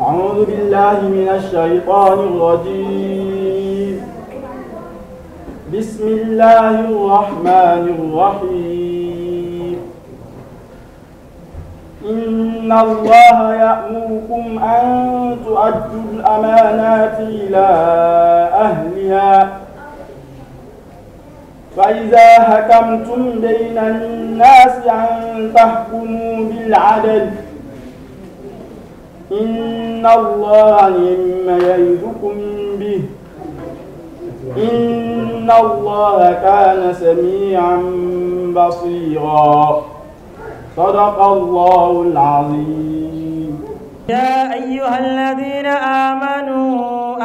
أعوذ بالله من الشيطان الرجيم بسم الله الرحمن الرحيم إن الله يأمركم أن تؤدوا الأمانات إلى أهلها فإذا حكمتم بين الناس أن تحكموا بالعدل إن الله عما يعدكم به إن الله كان سميعا بصيرا صدق الله العظيم يا أيها الذين آمنوا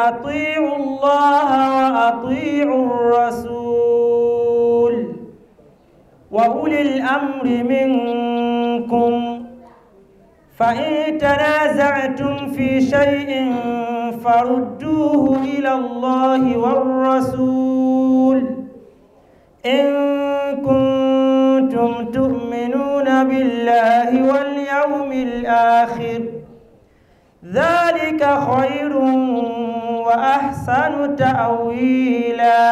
أطيعوا الله وأطيعوا الرسول وأولي الأمر منكم فإن تنازعتم في شيء فردوه إلى الله والرسول إن كنتم تؤمنون بالله واليوم الآخر ذلك خير وأحسن تأويلا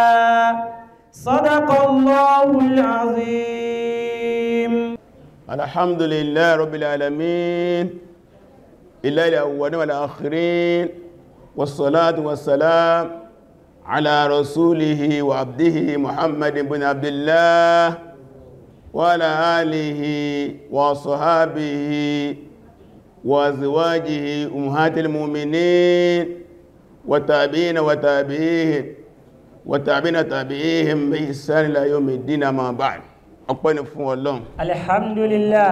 صدق الله العظيم الحمد لله رب العالمين إلا الأولين والآخرين والصلاة والسلام على رسوله وعبده محمد بن عبد الله وعلى آله وصحابه وأزواجه أمهات المؤمنين وتابعين وتابعيهم وتابعين تابعيهم بإحسان إلى يوم الدين ما بعد ọpẹ́ ni fún ọlọ́run alhamdulillah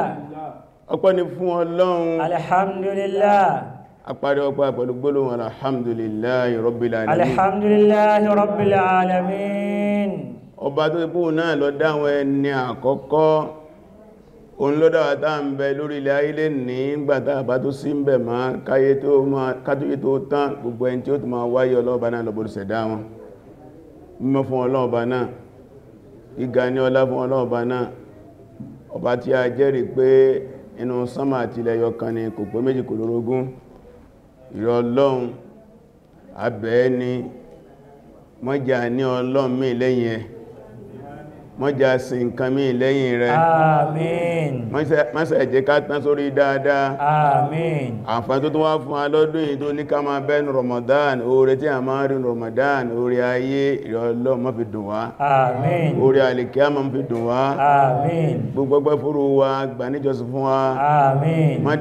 ọpẹ́ ni fún ọlọ́run alhamdulillah àpàdé ọpẹ́ pẹ̀lú gbólóhùn alhamdulillahi rabbil alamin alhamdulillahi rabbil alamin ọba tó ipò náà ló dáwọn ẹni àkọ́kọ́ òun ló dáwà ń bẹ lórí ilẹ̀ ayílé ní gbàtà àbá sí ń bẹ̀ má káyé tó má kátóyé tó tán gbogbo ẹni tí ó tó máa wáyé ọlọ́ọ̀bá náà lọ́bọ̀lùsẹ̀dá wọn mímọ́ fún ọlọ́ọ̀bá náà ìgà ní ọlá fún ọlọ́ọ̀bá náà ọba tí a jẹ́rìí pé inú sánmà àti ilẹ̀ yọkan ni kò pé méjì kò lórógún ìrọ̀ ọlọ́run ni mọ́jà ní ọlọ́run lẹ́yìn ẹ̀ mọ́já sí nǹkan mí lẹ́yìn rẹ̀. Amin. Mọ́sẹ̀ jẹ́ ká tán sórí dáadáa. Amin. Àǹfààní tó tún wá fún alọ́dún yìí tó ní ká máa bẹ́nu Ramadan, oore tí a máa rí Ramadan, oore ayé ìrọ̀lọ́ má fi dùn wá. Amin. Oore àlèkíá má fi dùn wá. Amin. Gbogbogbò fúru wa, gbà níjọsí fún wa. Amin. Má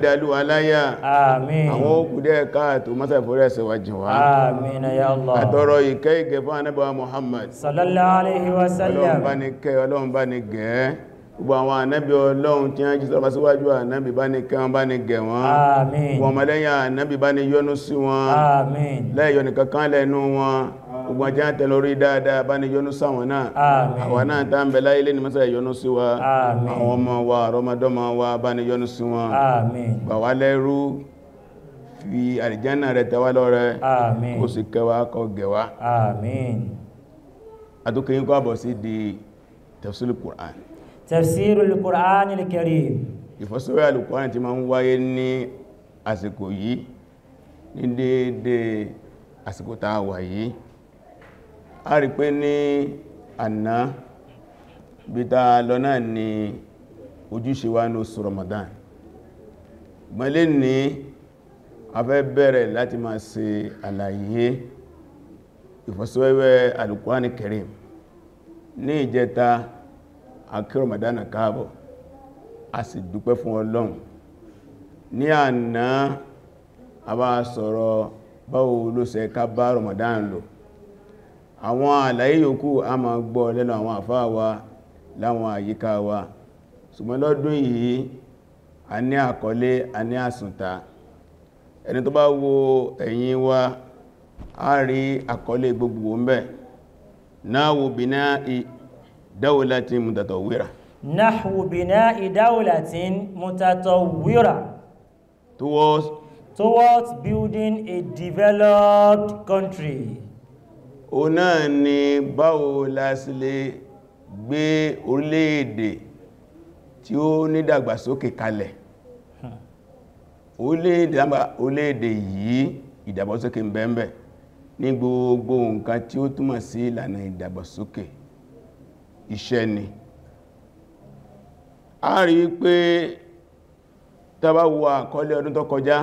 aláyà. Amin. Àwọn òkúdẹ́ káàtó mọ́sẹ̀ fúrẹ́ ẹ̀sẹ̀ wà jìn wá. Amin ya Allah. Àtọrọ ìkẹ́ ìgẹ̀ fún Anábà Muhammad. Sallallahu alaihi wa sallam ìkẹ́ ọlọ́run bá ní gẹ̀ẹ́ gbogbo àwọn ànábì ọlọ́run tí a jí sọ́rọ̀ síwájú ànábì bá ní kẹwọn bá ní gẹ̀ wọ́n àmín wọn mọ̀lẹ́yìn bá ní yọ́nú sí wọn lẹ́yọ nìkankan lẹ́nu wọn gbogbo ajá tẹ̀lọ orí dáadáa bá ní yọ́nú sáwọn náà àwọn náà tá ń bẹ láyé lé ní mẹ́sà yọ́nú sí wa àwọn ọmọ wa àrọmọdọ́mọ wa bá ní yọ́nú sí wọn gbà wá lẹ́rú fi àlìjánà rẹ̀ tẹ́wá lọ́rẹ àmín ó sì kẹwàá kọ gẹ̀wá àmín àtúkẹ́yìn àbọ̀ sí di tafsir al-Qur'an tafsir al-Qur'an al-Karim ìfọ́síwẹ́ al-Qur'an tí ma ń wáyé ní àsìkò yìí ní dédé àsìkò tàwà yìí a rí pé ní àná bíta lọ́nà ni ojúṣe wa ní oṣù Ramadan mọ́lé ní a bẹ̀rẹ̀ láti máa ṣe àlàyé ìfọ́síwẹ́wẹ́ al-Qur'an ní ìjẹta akírò madana káàbọ̀ a sì dúpẹ́ fún ọlọ́run ní àná a bá sọ̀rọ̀ báwo ló sẹ ká bá Ramadan lò àwọn àlàyé yòókù a ma gbọ́ lẹ́nu àwọn àfáà la láwọn àyíká wa ṣùgbọ́n lọ́dún yìí a ní àkọlé a ní àsùntà ẹni tó bá wo ẹ̀yìn wa a rí àkọlé gbogbo ń نحو بناء دولة متطورة نحو بناء دولة متطورة towards towards building a developed country o náà ni báwo la gbé orílẹ̀-èdè tí ó nídàgbàsókè kalẹ̀ hmm. orílẹ̀-èdè yìí ìdàgbàsókè ń ní gbogbo nǹkan tí ó túmọ̀ sí ìlànà ìdàgbàsókè iṣẹ́ ni a rí pé tá bá wo àkọlé ọdún tó kọjá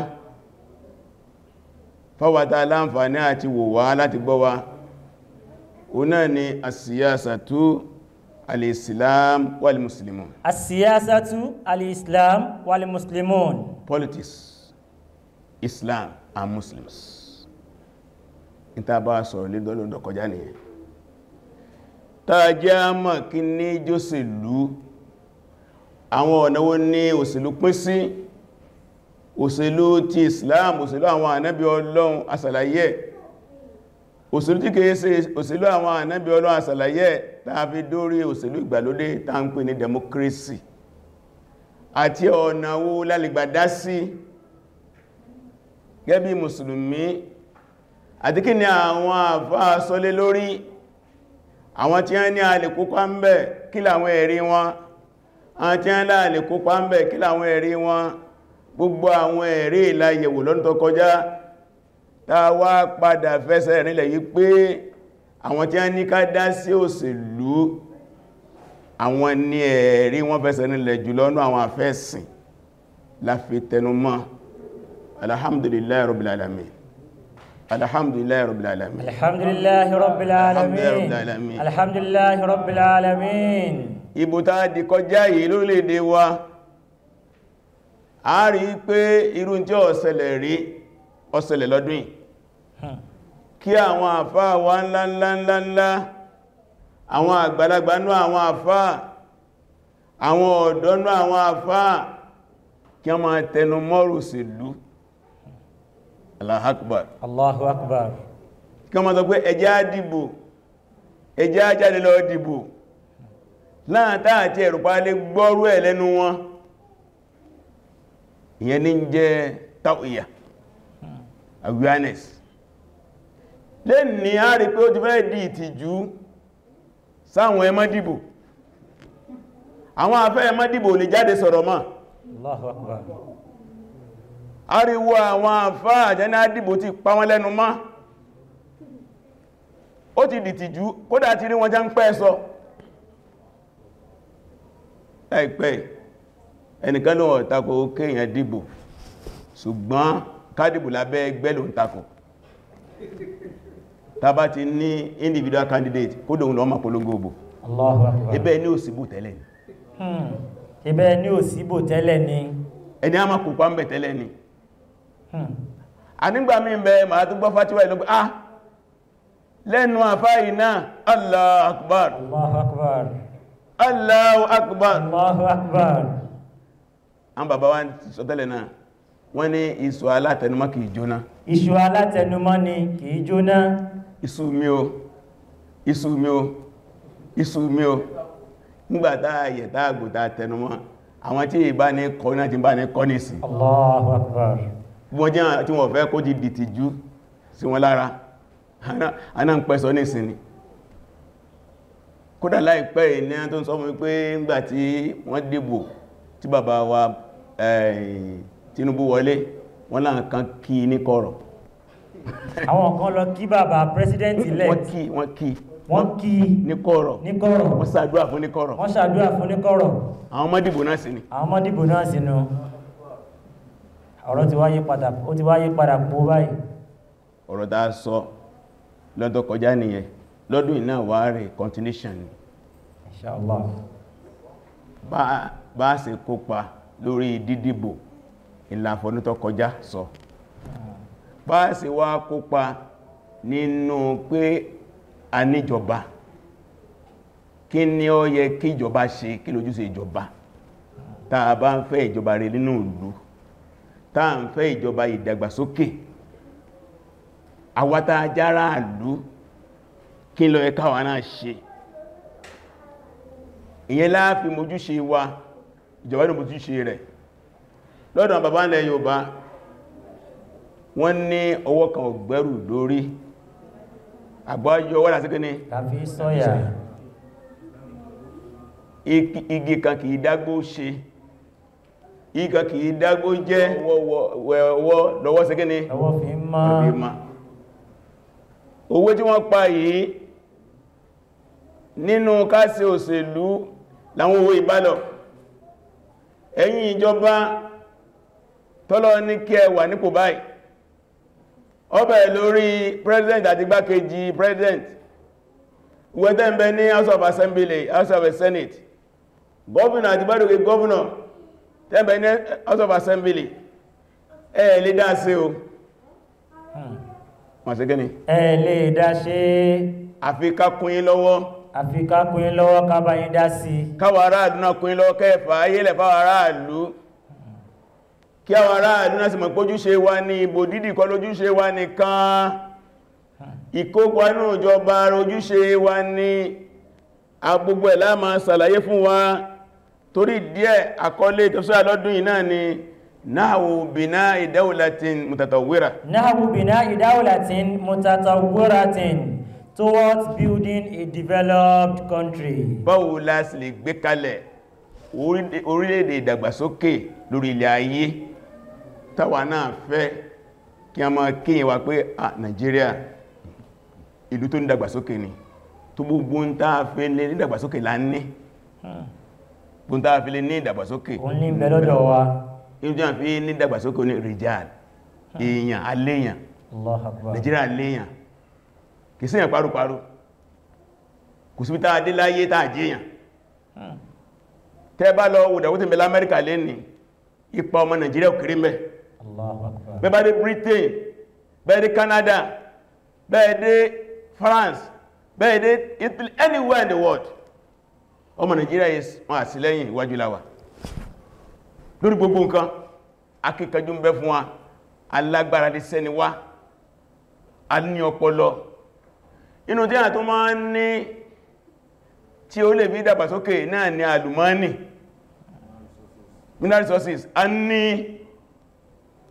fáwàtà aláǹfààní àti wò wá láti gbọ́ wa ọ̀nà ni asíyásàtú alìsìlám wàlìmùsìlìmùn asíyásàtú alìsìlám wàlìmùsìlìmùn politics islam and muslims ìtàbà sọ̀rọ̀ lè dọ́lù ọ̀dọ̀kọjá nìyẹn tàjá mọ̀ kí ní jòsìlú àwọn ọ̀nà wo ní òṣèlú pín sí òṣèlú ti Islam òṣèlú àwọn ànábí Ọlọ́run asàlàyé òṣèlú tí kìí ṣe òṣèlú àwọn ànábí Ọlọ́run asàlàyé tàbí dórí òṣèlú ìgbàlódé tá ní democracy àti ọ̀nà wo lálìgbàdá sí gẹ́bí mùsùlùmí àti kí ni àwọn àfáà sọlé lórí àwọn tí wọ́n ní a lè kópa ń bẹ̀ kí làwọn ẹ̀rí wọn àwọn tí wọ́n láà lè kópa ń bẹ̀ kí làwọn ẹ̀rí wọn gbogbo àwọn ẹ̀rí ìlàyẹ̀wò lọ́nà tó kọjá tá wá padà fẹsẹ̀ rinlẹ̀ yìí pé àwọn tí wọ́n ní ká dá sí òṣèlú àwọn ní ẹ̀rí wọ́n fẹsẹ̀ rinlẹ̀ jù lọ́nà àwọn afẹ́sìn la fi tẹnumọ́ alhamdulillah rabbil الحمد لله رب العالمين الحمد لله رب العالمين الحمد لله رب العالمين ibo tá di kọjá yìí lórílẹ̀-èdè wa a rí pé irú tí ó ṣẹlẹ̀ rí ó ṣẹlẹ̀ lọ́dún yìí hmm. kí àwọn àfá wa ńlá ńlá ńlá ńlá àwọn àgbàlagbà nú àwọn àfá àwọn ọ̀dọ́ nú àwọn àfá kí wọ́n máa tẹnu mọ́rù sílùú Allahu Akbar Allahu Akbar kí wọ́n sọ pé ẹjá dìbò ẹjá jáde lọ dìbò láàtà àti ẹ̀rùpa lè gbọ́rú ẹ̀ lẹ́nu wọn ìyẹn awareness a rí pé ó ti fẹ́ di ìtìjú sáwọn ẹmọ́ dìbò àwọn afẹ́ dìbò Allahu ariwo àwọn àfáà àjẹ́nà àdìbò ti pa wọn lẹ́nu mọ́ ó ti dìtìjú kódà ti rí wọn já ń pẹ́ sọ ẹ̀pẹ́ ẹnìkan ló wọ́n takò kéèyàn dìbò ṣùgbọ́n kádìbò lábẹ́ ẹgbẹ́ ló ń takò tàbá ti ní individual candidate kó dòun lọ máa polongo òbò ibẹ̀ ní òsìbò tẹ́lẹ̀ ni hmm. tẹ́lẹ̀ ni ẹni a máa ni Hmm. ànígbà mí bẹ ma tó gbọ́ fàtíwà ìlú ah lẹ́nu àfáì náà Allahu akbar Allahu akbar Allahu akbar an bàbá wá sọtẹ́lẹ̀ náà wọ́n ní ìsù alátẹnumọ́ kìí jóná ìsù alátẹnumọ́ ni kìí jóná mi o ìsù mi o ìsù mi o nígbàtá àyẹ̀tá àgbòtá tẹnumọ́ àwọn tí ìbá ní kọ́ náà ti bá wọ́n jẹ́ tí wọ́n fẹ́ kó jí dìtìjú sí wọn lára aná ń pẹ́sọ ní ìsinmi kódà láìpẹ́ iná tó ń sọ mú pé ńgbà tí wọ́n dìbò tí bàbá wa eh, Tinubu wọlé wọ́n láà kan kí ní kọ̀rọ̀ àwọn kan lọ kí bàbá president elect kí wọ́n kí ní kọ̀rọ̀ ní kọ̀rọ̀ wọ́n ṣàdúrà ní kọ̀rọ̀ wọ́n ṣàdúrà ní kọ̀rọ̀ àwọn mọ́dìbò náà sí ni àwọn mọ́dìbò náà sí ni ọ̀rọ̀ ti wáyé padà ó ti wáyé padà pọ̀ báyìí ọ̀rọ̀ tá a sọ lọ́dọ̀ kọjá nìyẹn lọ́dún iná wà rẹ̀ continuation ni inshallah bá ṣe kópa lórí dídìbò ìlànfọ́nú tó kọjá sọ bá ṣe wá kópa nínú pé a níjọba kí ni ó yẹ kí ìjọba ṣe kí lójúṣe ìjọba tá a bá ń fẹ́ ìjọba rẹ̀ nínú ìlú táà ń fẹ́ ìjọba ìdàgbàsókè àwátá ajára àlú kí lọ ẹka wà náà ṣe ìyẹn láàfin mojúṣe wa ìjọba ní mojúṣe rẹ̀ baba bàbá ilẹ̀ Yorùbá wọ́n ní ọwọ́ kan ọ̀gbẹ́rù lórí àgbájọ wọ́n lásìkò tàbí sọ́yà igi kan kìí dágbó ṣe ìkà kì í dágbó jẹ́ ọwọ́ lọ́wọ́ sí kíni ọwọ́ fi máa owó tí wọ́n pa yìí nínú kásí òṣèlú láwọn owó ìbálọ̀ ẹ̀yin ìjọba tọ́lọ ní kí ẹ wà nípò báyìí ọbẹ̀ lórí president àti gbákejì president wẹ́tẹ́ ń bẹ ní house of assembly house of senate governor àti gbádùgbé governor tẹ́bẹ̀ ní house of assembly ẹ lè dá sí o wọ́n sí gẹ́ni ẹ lè dá sí àfikà kúnyín lọ́wọ́ àfikà kúnyín lọ́wọ́ kábà yí dá sí káwà aráàlú náà kúnyín lọ́wọ́ kẹfà ayélẹ̀ fáwà aráàlú kí àwọn aráàlú náà mọ̀ torí díẹ̀ àkọlé ìtọ́sọ́ àlọ́dún yìí náà ni náàwò bìná ìdáwòlátín mutatawwira náàwò bìná ìdáwòlátín mutatawwiratín towards building a developed country báwo la sì lè gbé kalẹ̀ orílẹ̀-èdè ìdàgbàsókè lórí ilẹ̀ ayé táwa náà fẹ́ kí a máa kí wa pé à Nàìjíríà ìlú tó ní ìdàgbàsókè ni tó gbogbo ń tàà fẹ́ lé ní ìdàgbàsókè lá ní hmm gbóntà fi lè ní ìdàgbàsókè ó ní ìbẹ̀lọ́dọ̀ wa indian fi ní ìdàgbàsókè ní rijal èèyàn aléyàn nigeria aléyàn kì síyàn paru-paru kò sí tàà dé láyé tàà jíyàn tẹ́ bá lọ wùdàwó tí mẹ́lá amẹ́ríkà lè ní ipa ọmọ nigeria òkèrè mẹ́ bẹ́bá britain bẹ́ẹ̀ canada bẹ́ẹ̀ france bẹ́ẹ̀ dé italy anywhere in the world ọmọ Nàìjíríà yìí wọ́n àsìlẹ́yìn iwájú la wà lórí gbogbo nǹkan akíkanjú ń bẹ fún wa alágbára lè sẹ́ni wá a ní ọpọlọ inú tí a tó máa ń ní tí ó lè fi dàgbàsókè náà ni àlùmọ́nì mineral resources a ní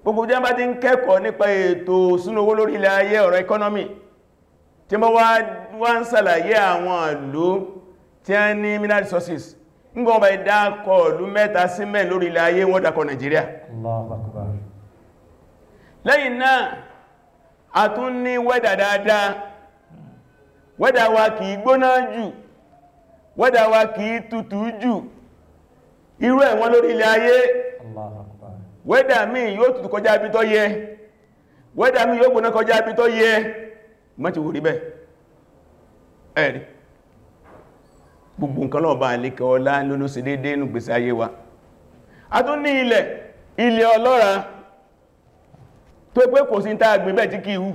gbogbo jẹ́ bá ti ń kẹ́kọ̀ọ́ nípa ètò súnowó lórí ilẹ̀ ayé ọ̀rọ̀ economy tí mo wá ń ṣàlàyé àwọn ìlú tí a ní mineral resources ń gbọ́n bá ìdákọ̀ ìlú mẹ́ta sí mẹ́ lórí ilẹ̀ ayé wọ́n dákọ̀ Nàìjíríà lẹ́yìn náà a tún ní wẹ́dà dáadáa wẹ́dà wa kì í gbóná jù wẹ́dà wa kì í tutù jù irú ẹ̀wọ́n lórí ilẹ̀ ayé wẹ́dà mi yóò tutù kọjá ibi tó yẹ wẹ́dà mi yóò gbóná kọjá ibi tó yẹ mọ́ ti wù bẹ́ẹ̀ gbogbo nǹkan lọ́ọ̀bá ọlá lóló sí dédé inú gbèsè ayé wa a tún ní ilẹ̀ ilẹ̀ ọlọ́ra tó pé kò sí tá àgbìn bẹ́ẹ̀ tí kì í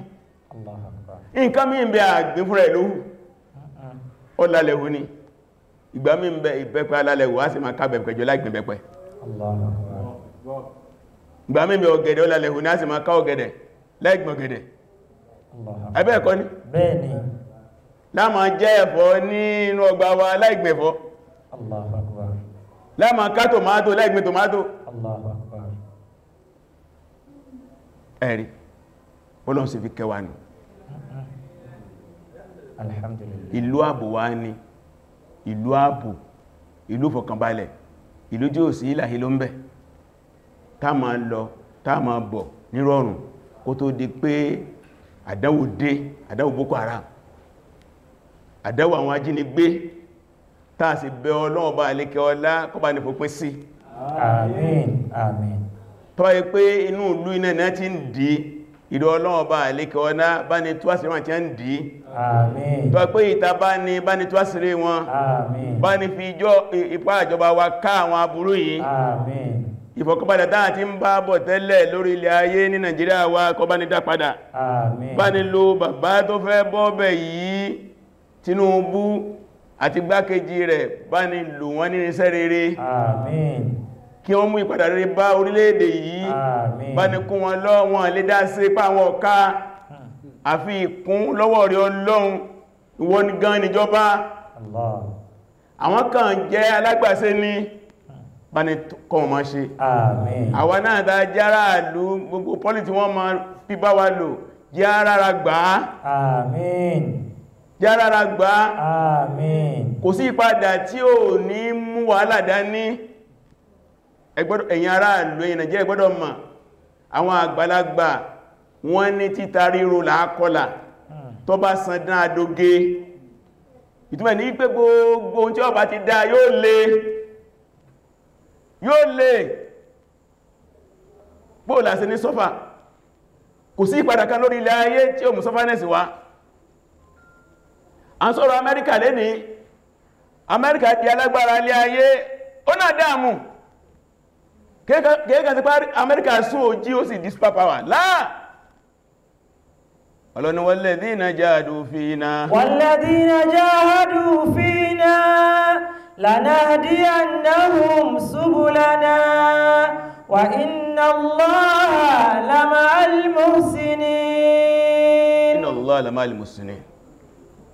nǹkan mí ń bẹ àgbìn fúnra ẹ̀ ọlálẹ̀hù ni ìgbà mí ń bẹ alálẹ̀hù sì máa ká láàmà jẹ́ ẹ̀fọ́ ní inú ọgbà wa láìgbẹ̀fọ́ Allahu Akbar láàmà ká tòmátò láìgbẹ̀ tòmátò Allahu Akbar ẹ̀rí Ọlọ́run sì fi kẹwàá ni Alhamdulillah ìlú ààbò wá ní ìlú ààbò ìlú fọkànbalẹ̀ ìlú jí ò sí ìlàhí ló ń bẹ̀ tá ma lọ tá ma bọ̀ nírọ̀rùn kó tó di pé àdáwò dé àdáwò Boko Haram àdẹ́wò àwọn ajínigbé táà sì bẹ Ọlọ́run bá alékẹ́ ọlá kọ́ bá ní fòpin sí àmín àmín tó yẹ pé inú ìlú iná náà ti ń dì ìdọ̀ Ọlọ́run bá alékẹ́ ọlá bá ní túwásírí wọn ti ń dì àmín tó yẹ pé ìta bá ní bá ní túwásírí wọn àmín bá ní fi ìjọ ipá Tinubu àti gbákejì rẹ̀ bá ní lò wọ́n ní iṣẹ́ rere àmín kí wọ́n mú ìpadà rere bá orílẹ̀-èdè yìí àmín bá ní kún wọn lọ wọn lè dá sí pa ọ̀ká àfi ìkún lọ́wọ́ rẹ̀ Ọlọ́run ìwọ gan níjọba Allah àwọn kan jẹ́ alágbàṣe ni bá ní kọ́ ma ṣe àmín àwa náà dá jára ìlú gbogbo pọ́lì tí wọ́n ma fi wa lò jẹ́ ara gbà járára gbá àmín kò sí ìpadà tí ò ní mú wàhálà dání ẹ̀yin ará ìlú ẹ̀yin Nàìjíríà gbọ́dọ̀ mọ̀ àwọn àgbàlagbà wọ́n ní títa ríro làákọlà hmm. tó bá san dán adógé ìtumẹ̀ ní pé gbogbo ohun tí ó bá ti dá yóò le yóò le bóòlà sí ní sọ́fà kò sí ìpadà kan lórí ilẹ̀ ayé tí ó mú sọ́fánẹ́sì wá a ń sọ̀rọ̀ amẹ́ríkà lẹ́ni amẹ́ríkà di alágbára ilé ayé ó náà dáàmù kéèkà ti parí amẹ́ríkà sún ojí ó sì di super power láà ọlọ́ni walladhina jahadu fina walladhina jahadu fina lanahdiyannahum subulana wa inna Allaha lama'al muhsinin inna Allaha lama'al muhsinin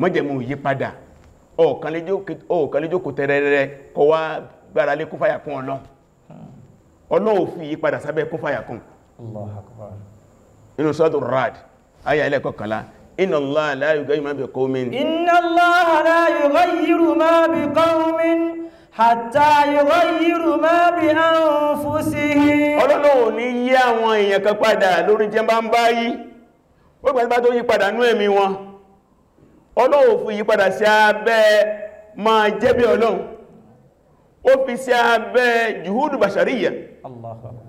mọ́jẹ̀mú yípadà ọ̀kanlẹ́jọ́kò tẹ́rẹrẹ kọ wá gbára lé kún fàyà kún ọlọ́ ọlọ́wọ́ fi yípadà sábẹ́ kún fàyà kún inú sọ́dọ̀ rad ayà ilẹ̀ kọkànlá inna Allaha la yughayyiru ma bi qawmin inna Allaha la yughayyiru ma bi qawmin hatta yughayyiru ma bi anfusihim ọlọ́lọ́wọ́ ní yí àwọn èèyàn kan padà lórí jẹ́ bá ń báyí ó gbàtí tó yí padà nú ẹ̀mí wọn ọlọ́run fi yípadà sí abẹ́ máa jẹ́ bí ọlọ́run ó fi sí abẹ́ juhudu bashariya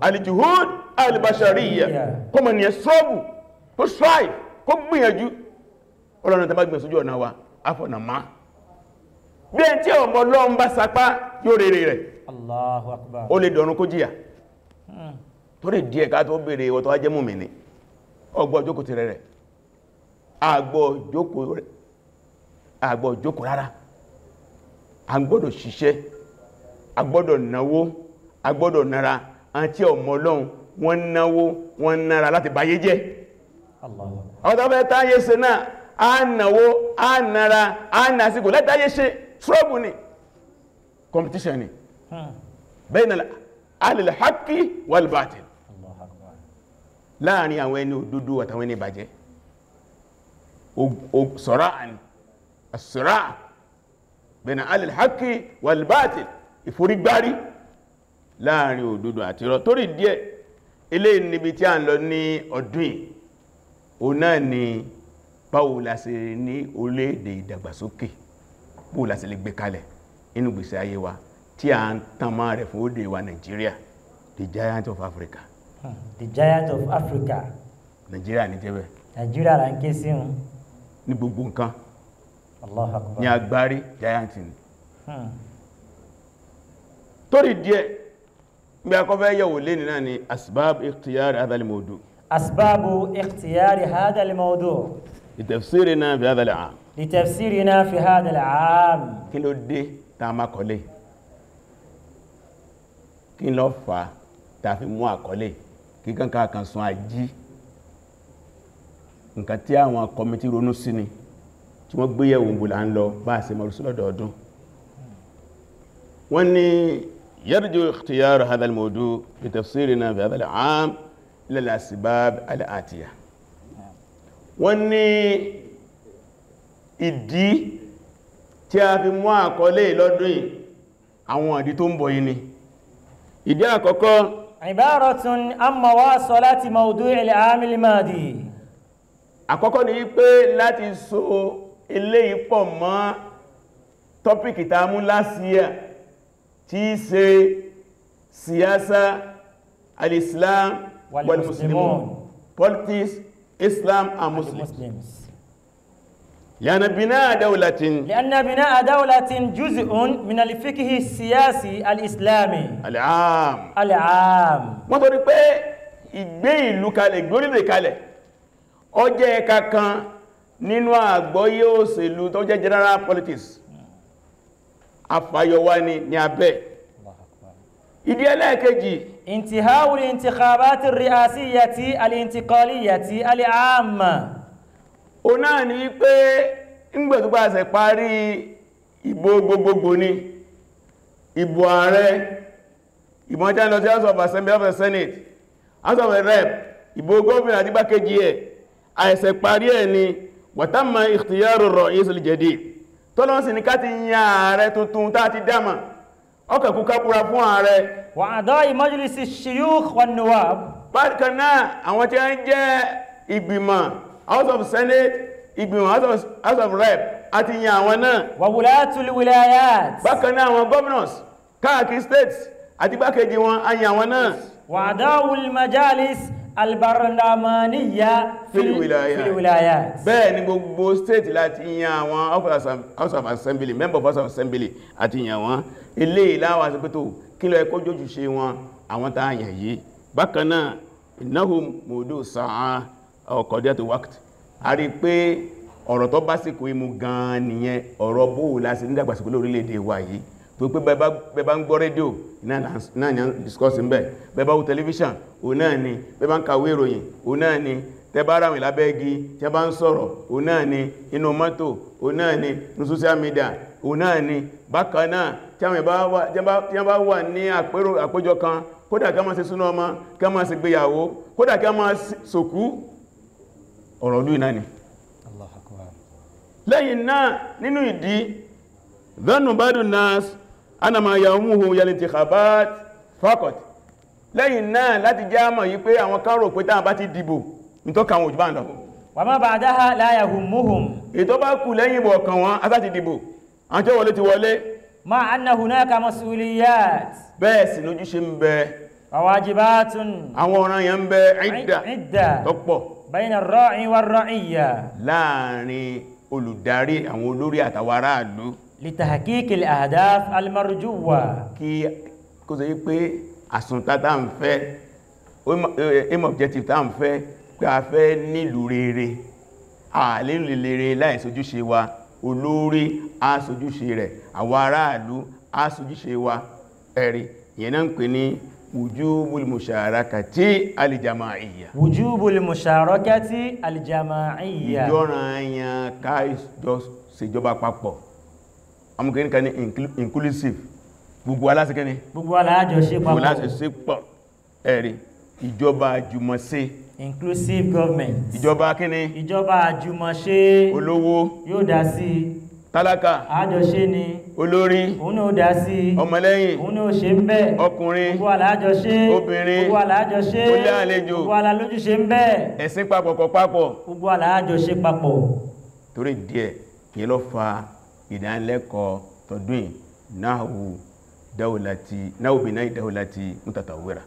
aljuhud albashariya kó mọ̀ ní ẹ̀sọ́bù kó ṣráì kó gbìyànjú ọlọ́run tàbá gbìyànjú ojú ọ̀nà wa afọ̀nà máa bí ẹn tí ọmọ ọlọ́run bá sapá yóò rere rẹ̀ ó lè dọ̀run kó jíyà hmm. tó lè díẹ̀ ká tó bèèrè ìwọ̀tọ̀ ajẹ́mùmìnì ọgbọ́ jókòó ti rẹ̀ rẹ̀ àgbọ̀ jókòó rárá a gbọ́dọ̀ ṣiṣẹ́ a gbọ́dọ̀ náwó a gbọ́dọ̀ nára àti ọmọ ọlọ́run wọ́n náwó wọ́n nára láti báyé jẹ́ àwọn tó fẹ́ táyé ṣe náà a náwó a nára a násìkò látàyé ṣe ṣrọ́bù ni competition ni bẹ́ẹ̀nà alìlhaki walbatil àṣírá bẹ̀nà alìlhaki walbatil ìforígbárí láàrin òdodo àti irọ́ torí díẹ̀ ilé níbi tí a ń lọ ní ọdún yìí o náà ni báwo la ṣe ní orílẹ̀-èdè ìdàgbàsókè báwo la lè gbé kalẹ̀ inú gbèsè ayé wa tí a ń tàn máa rẹ̀ fún òde wa Nigeria the giant of Africa hmm, the giant of Africa Nigeria ní jẹ́bẹ̀ Nigeria là ń ké sí ní gbogbo nǹkan ní agbárí giant ni hmm. torí díẹ̀ bí akọ́fẹ́ yẹ̀wò lè nínà ni asbab ikhtiyari hadhal mawdu asbabu ikhtiyari hadhal mawdu litafsirina fi hadhal aam litafsirina fi hadhal aam kí ló dé ta makọlé kí ló fà ta fi mú àkọlé kí kankan kan sun ají nǹkan tí àwọn kọmitì ronú sí ni tí wọ́n gbé yẹ̀wò ìbò là ń lọ bá ṣe mọ̀rún sí wọ́n ní yarju ikhtiyaru hadha al-mawdu' bi tafsirina bi hadha al wọ́n ní ìdí tí a fi mú àkọlé lọ́dún àwọn àkọ́kọ́ ni wípé láti so eléyìí pọ̀ mọ́ tọ́pìkì tá mú lásìíyà tí í ṣe siyasa al-islam wal-muslimun politics islam and muslims لأن بناء دولة لأن بناء دولة جزء من الفقه السياسي الإسلامي العام العام wọ́n torí pé ìgbé ìlú kalẹ̀ ìgbórílẹ̀ kalẹ̀ ó jẹ́ kan nínú àgbọ́yé òṣèlú tó jẹ́ general politics afayọwá ni ní abẹ́ ìdí ẹlẹ́ẹ̀kejì intihawul intikhabati riasiyati alintiqaliyati al'amma o náà ni pé ngbẹ̀túgbàṣẹ̀ parí ìbò gbogbogbò ni ìbò ààrẹ ìbọ̀njẹ́ lọ sí house of assembly of the senate house of the rep ìbò gómìnà àti igbákejì ẹ̀ àìṣẹ̀ parí ẹ̀ ni wàtàmà ìtìyàrò rọ̀ ìsìlìjẹ̀dì tọ́lọ́sì ní ká ti yan ààrẹ tuntun tá ti dámà ọkàkú kápúra fún ààrẹ wà àdọ́ ìmọ́júlìsì shiyukh house of senate ìgbìmọ̀ house of rep àti yan àwọn náà wà wulatul wilayat states àti bákejì wọn a yan àwọn majalis albarlamaniya filiwilaya bẹ́ẹ̀ ni gbogbo state láti yan àwọn house of assembly member of house of assembly àti yan wọn ilé ìláwà sí pẹ́tò kí lọ ẹkọ́ jójú ṣe wọn àwọn tààyàn yìí bákanáà ìnáhù mòdó sàán ọkọ̀dẹ́ tó wákìtì a rí pé ọ̀rọ̀ tó básìkò imú gan-an nìyẹn ọ̀rọ̀ bóò láti nídàgbàsìkò lórílẹ̀-èdè wa yìí tó pé bẹba ń gbọ́ rédíò náà ni a ń discuss ń bẹ̀ bẹba wo tẹlifíṣàn o náà ni bẹba ń kàwé ìròyìn o náà ni tẹba ara rìn lábẹ́ igi tẹba ń sọ̀rọ̀ o náà ni inú mọ́tò o náà ni ní social media o náà ni bákan náà tí a bá wà ní àpéjọ lẹ́yìn náà nínú ìdí dhanubadu nas ana ma ya múhù yẹlin ti khabat fakot lẹ́yìn náà láti jẹ́ àmọ̀ yí pé àwọn kan rò pé táwọn bá ti dìbò nítọ́ka àwọn òjúbà lọ wà má bá dáhà láyàhù múhùn ètò bá kù lẹ́yìn ìbò ọ̀kan wọn a sáti dìbò àti wọlé ti wọlé ma anna hunaka masuliyat bẹ́ẹ̀ لتحقيق al-ahdaf al-marjuwa kí kó sọ pé àsùntà tá ń fẹ́ aim objective tá ń fẹ́ pé a fẹ́ nílùú rere ààlè lèrè láìsojúṣe wa olórí aṣojúṣe rẹ̀ àwọn aráàlú aṣojúṣe wa ẹ̀rí ìyẹn náà ń pè ní wujubul musharakati aljama'iyya wujubul musharakati aljama'iyya ìjọ́ràn ayan ká ìjọ ṣèjọba papọ̀ amúkẹ́ níkan ní inclusive gbogbo aláṣẹ́kẹ́ ni gbogbo aláṣẹ́sẹ́pọ̀ ẹ̀rí ìjọba àjùmọ̀ṣe inclusive government ìjọba kíni ìjọba àjùmọ̀ṣe olówó yóò dá sí tálákà àjọṣe ni olórí òun ó dá sí ọmọlẹ́yìn òun ó ṣe ń bẹ́ ọkùnrin gbogbo alájọṣe obìnrin gbogbo alájọṣe olé àlejò gbogbo alálójúṣe ń bẹ́ ẹ̀sìn papọ̀ papọ̀ gbogbo alájọṣe papọ̀ torí díẹ̀ yẹ lọ fa ìdánilẹ́kọ̀ọ́ tọdún náhù dáwùlàtí náhù bìná ìdáwùlàtí mútàtàwìrà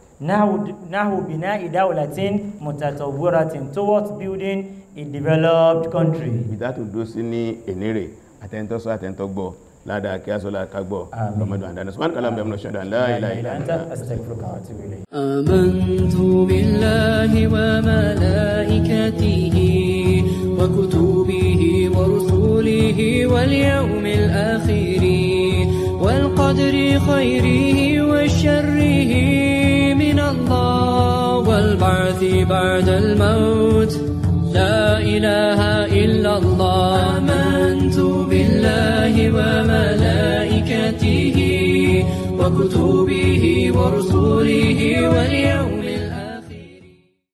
náhù bìná ìdáwùlàtí mútàtàwìrà towards building a developed country ìdátò dó sí ní ènìrè àtẹ́ntọ́sọ́ àtẹ́ntọ́gbọ́ ládàá kí á sọ́lá kagbọ́ ramadan dáná sọ́mọ́n kàlá mẹ́rin ṣọ́ dáná wa malaikatihi wa ورسوله واليوم الآخر والقدر خيره وشره من الله والبعث بعد الموت لا إله إلا الله آمنت بالله وملائكته وكتبه ورسوله واليوم